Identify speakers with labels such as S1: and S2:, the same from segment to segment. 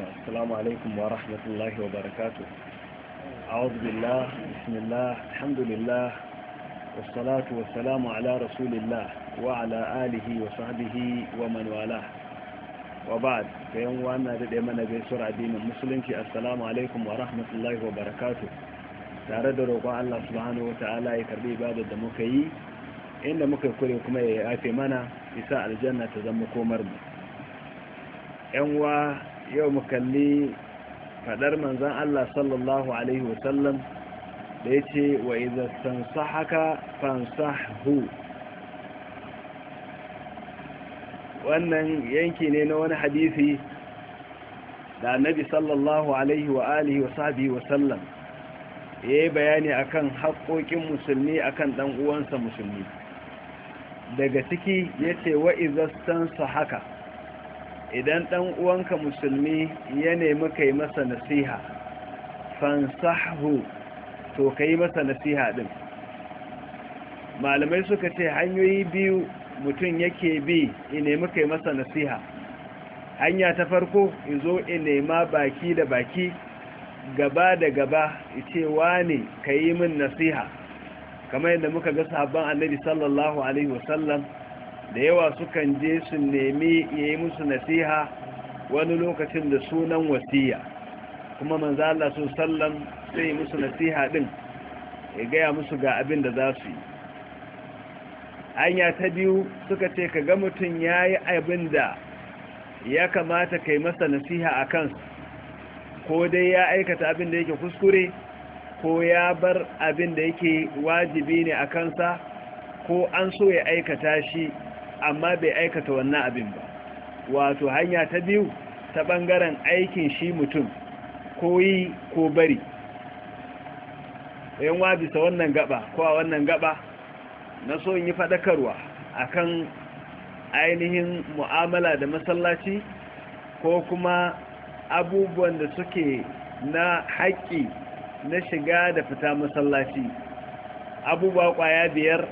S1: السلام عليكم ورحمة الله وبركاته أعوذ بالله بسم الله الحمد لله والصلاة والسلام على رسول الله وعلى آله وصحبه ومن والاه وبعد فيوم وانا ردي من بيسر دين المسلم السلام عليكم ورحمة الله وبركاته tare da roƙon Allah subhanahu wa ta'ala ya karbi ibadar da muka yi inda muka kure kuma ya yafe mana isa aljanna ta zama komar mu yan uwa yau mu kalli fadar manzan Allah sallallahu Alaihi wasallam da ya ce wa izastan sahaka fansahu wannan yanki ne na wani hadisi da annabi sallallahu Alaihi wa alihi wa sahabi wasallam ya yi bayani akan haƙoƙin musulmi akan dan uwansa musulmi daga ciki ya ce wa izastan sahaka idan ɗan uwanka musulmi ya nemi ka yi masa nasiha fansahu to ka yi masa nasiha ɗin malamai suka ce hanyoyi biyu mutum yake bi ya nemi yi masa nasiha hanya ta farko zo in nema baki da baki gaba da gaba ce wane ka yi min nasiha kamar yadda muka ga sabon annabi sallallahu alaihi wasallam da yawa sukan je su nemi ya yi musu nasiha wani lokacin da sunan wasiya kuma Manzala Allah sun sallam sai musu nasiha din ya gaya musu ga abin da za su yi anya ta biyu suka ce ka ga mutum ya yi abin da ya kamata kai masa nasiha a kansu ko dai ya aikata abin da yake kuskure ko ya bar abin da yake wajibi ne a kansa ko an so ya aikata shi amma bai aikata wannan abin ba wato hanya ta biyu ta ɓangaren aikin shi mutum ko yi ko bari yan wa bisa wannan gaba ko a wannan gaba na so yi faɗakarwa kan ainihin mu'amala da masallaci ko kuma abubuwan da suke na haƙƙi na shiga da fita masallaci abubuwa ƙwaya biyar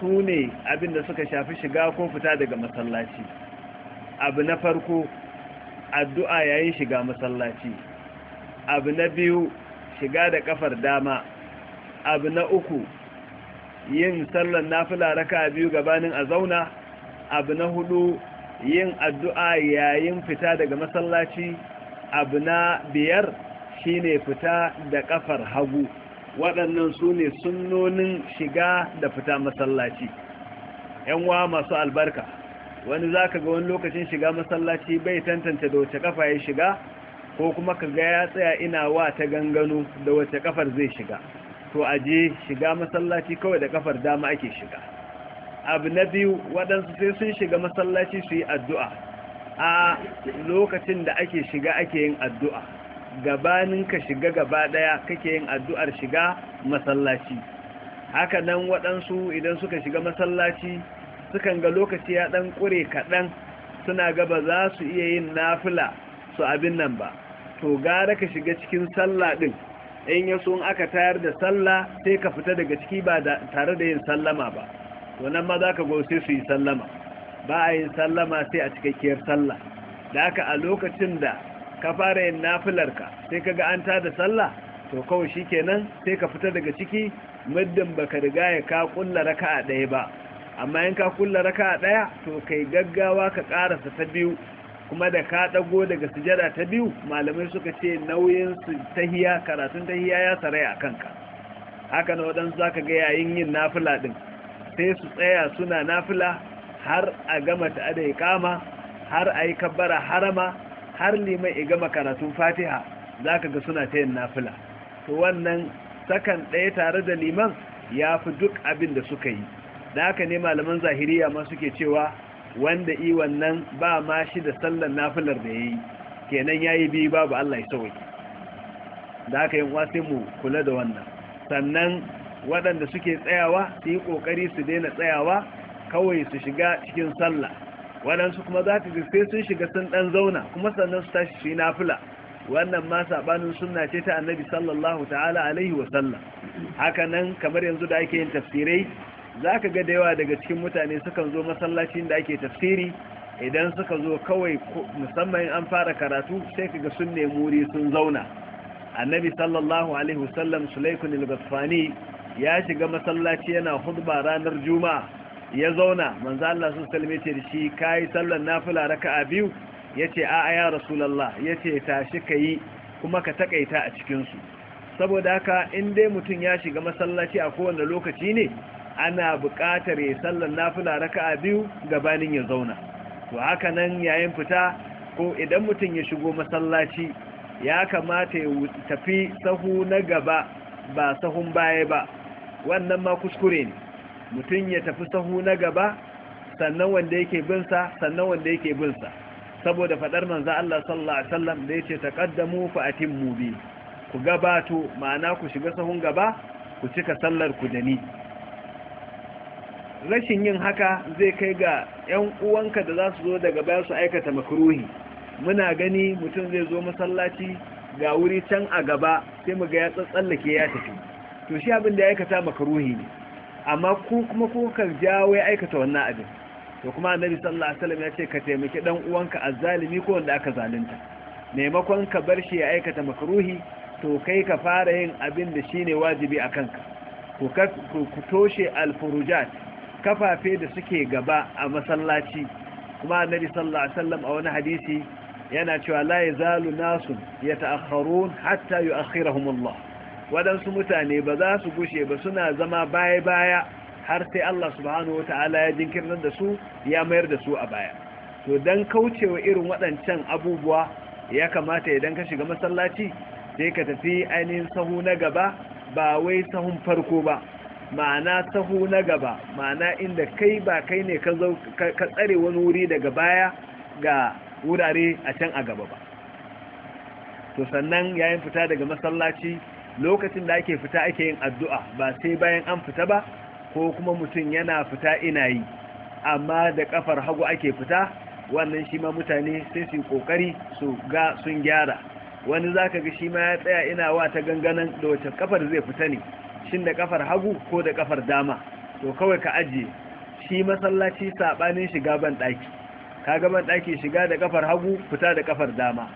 S1: su ne abinda suka shafi shiga ko fita daga masallaci abu na farko addu'a yayin shiga masallaci abu na biyu shiga da kafar dama abu na uku yin sallar nafila raka biyu gabanin a zauna abu na hudu yin addu'a yayin fita daga masallaci abu na biyar shine fita da kafar hagu waɗannan su ne sunnonin shiga da fita masallaci yan wa masu albarka wani za ka ga wani lokacin shiga masallaci bai tantance da wace kafa ya shiga ko kuma ka ga ya tsaya ina wa ta gangano da wace kafar zai shiga to a aje shiga masallaci kawai da kafar dama ake shiga abu na biyu waɗansu sai sun shiga masallaci su yi addu'a a lokacin da ake shiga ake yin addu'a gabanin ka shiga gaba daya kake yin addu'ar shiga masallaci haka nan waɗansu idan suka shiga masallaci sukan ga lokaci ya ɗan ƙure kaɗan suna ga ba za su iya yin nafila su abin nan ba to gara ka shiga cikin sallah ɗin in ya so aka tayar da sallah sai ka fita daga ciki ba tare da yin sallama ba wannan ma za ka gauce su yi sallama ba a yin sallama sai a cikakkiyar sallah da haka a lokacin da ka fara yin nafilar ka sai kaga an tada sallah to kawai shikenan sai ka fita daga ciki muddin baka riga ya ka kulla raka'a ɗaya ba amma in ka kulla raka'a ɗaya to kai gaggawa ka karasa ta biyu kuma da ka dago daga sujada ta biyu malamai suka ce nauyin su tahiya karatun tahiya ya a kanka haka na waɗansu zaka ga yayin yin nafila din sai su tsaya suna nafila har a gama ta adai kama har a yi kabbara harama har liman ya gama karatun fatiha za ka ga suna ta yin nafila to wannan sakan ɗaya tare da liman ya fi duk abin da suka yi da haka ne malaman zahiriya ma suke cewa wanda yi wannan ba ma shi da sallar nafilar da ya yi kenan ya yi biyu babu allah ya sauki da haka yin wasu mu kula da wannan sannan waɗanda suke tsayawa su yi ƙoƙari su daina tsayawa kawai su shiga cikin sallah waɗansu kuma za ta sai sun shiga sun ɗan zauna kuma sannan su tashi shi nafila wannan ma saɓanin suna ce ta annabi sallallahu ta'ala alaihi wa haka nan kamar yanzu da ake yin tafsirai za ka ga da yawa daga cikin mutane sukan zo masallacin da ake tafsiri idan suka zo kawai musamman an fara karatu sai ka ga sun nemi wuri sun zauna annabi sallallahu alaihi wasallam sulaikun ya shiga masallaci yana hudba ranar juma'a ya zauna manzo Allah sun salme ce da shi kai sallar nafila raka'a biyu yace a a ya rasulullah yace tashi kai kuma ka takaita a cikin su saboda haka in dai mutum ya shiga masallaci a kowane lokaci ne ana buƙatar ya sallar nafila raka'a biyu gabanin ya zauna to haka nan yayin fita ko idan mutum ya shigo masallaci ya kamata ya tafi sahu na gaba ba sahun baya ba wannan ma kuskure ne mutum ya tafi sahu na gaba sannan wanda yake binsa sannan wanda yake binsa saboda fadar manzo Allah sallallahu alaihi wasallam da yace taqaddamu fa atimmu bi ku gabato ma'ana ku shiga sahun gaba ku cika sallar ku dani rashin yin haka zai kai ga ƴan uwanka da za su zo daga baya su aikata makruhi muna gani mutum zai zo masallaci ga wuri can a gaba sai mu ga ya tsallake ya tafi to shi abin da ya aikata makruhi ne amma ku kuma kuka jawo ya aikata wannan abin to kuma annabi sallallahu alaihi wasallam ya ce ka taimaki dan uwanka azzalimi ko wanda aka zalunta maimakon ka bar shi ya aikata makruhi to kai ka fara yin abin da shine wajibi a kanka ku toshe alfurujat kafafe da suke gaba a masallaci kuma annabi sallallahu alaihi wasallam a wani hadisi yana cewa la yazalu nasu yata'akharun hatta yu'akhirahum Allah waɗansu mutane ba za su gushe ba suna zama baya-baya har sai Allah subhanahu wa ta'ala ya jinkirar da su ya mayar da su a baya to don kaucewa irin waɗancan abubuwa ya kamata idan ka shiga masallaci sai ka tafi ainihin sahu na gaba ba wai sahun farko ba ma'ana sahu na gaba ma'ana inda kai ba kai ne ka tsare wani wuri daga baya ga wurare a can a gaba ba to sannan yayin fita daga masallaci lokacin da ake fita ake yin addu'a ba sai bayan an fita ba ko kuma mutum yana fita ina yi amma da kafar hagu ake fita wannan shi ma mutane sai su kokari su ga sun gyara wani zaka ga shi ma ya tsaya ina wa ta ganganan da wace kafar zai fita ne shin da kafar hagu ko da kafar dama to kawai ka ajiye shi masallaci sabanin shiga ban daki kaga ban daki shiga da kafar hagu fita da kafar dama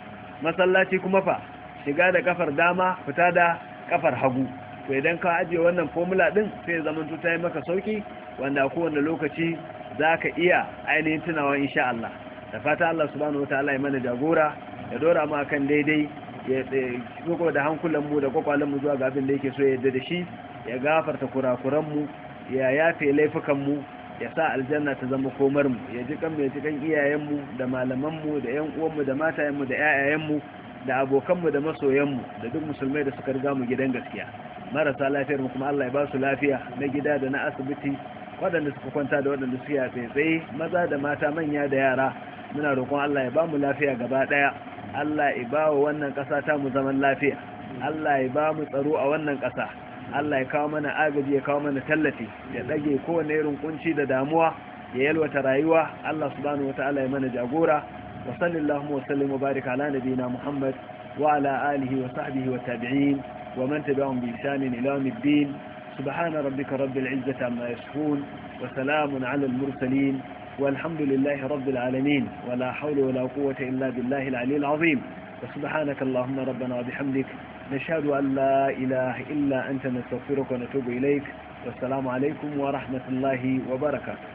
S1: masallaci kuma fa shiga da kafar dama fita da kafar hagu to idan ka ajiye wannan formula din sai zaman ta yi maka sauki wanda kowane lokaci za ka iya ainihin tunawa insha Allah da fata Allah subhanahu wa ta'ala ya mana jagora ya dora mu akan daidai ya tsoko da hankulan mu da kwakwalen mu zuwa ga abin da yake so ya yadda da shi ya gafarta kurakuran mu ya yafe laifukan mu ya sa aljanna ta zama komar ya ji kan mu ya ji da malaman mu da yan uwan da matayen da ƴaƴayen da abokanmu da masoyanmu da duk musulmai da suka riga mu gidan gaskiya marasa lafiyar mu kuma Allah ya basu lafiya na gida da na asibiti waɗanda suka kwanta da waɗanda suke a tsaye maza da mata manya da yara muna roƙon Allah ya bamu lafiya gaba ɗaya Allah ya ba wa wannan ƙasa ta mu zaman lafiya Allah ya ba mu tsaro a wannan ƙasa Allah ya kawo mana agaji ya kawo mana tallafi ya ɗage kowane irin kunci da damuwa ya yalwata rayuwa Allah subhanahu wataala ya mana jagora وصل اللهم وسلم وبارك على نبينا محمد وعلى آله وصحبه والتابعين ومن تبعهم بإنسان إلى يوم الدين سبحان ربك رب العزة عما يصفون وسلام على المرسلين والحمد لله رب العالمين ولا حول ولا قوة إلا بالله العلي العظيم وسبحانك اللهم ربنا وبحمدك نشهد أن لا إله إلا أنت نستغفرك ونتوب إليك والسلام عليكم ورحمة الله وبركاته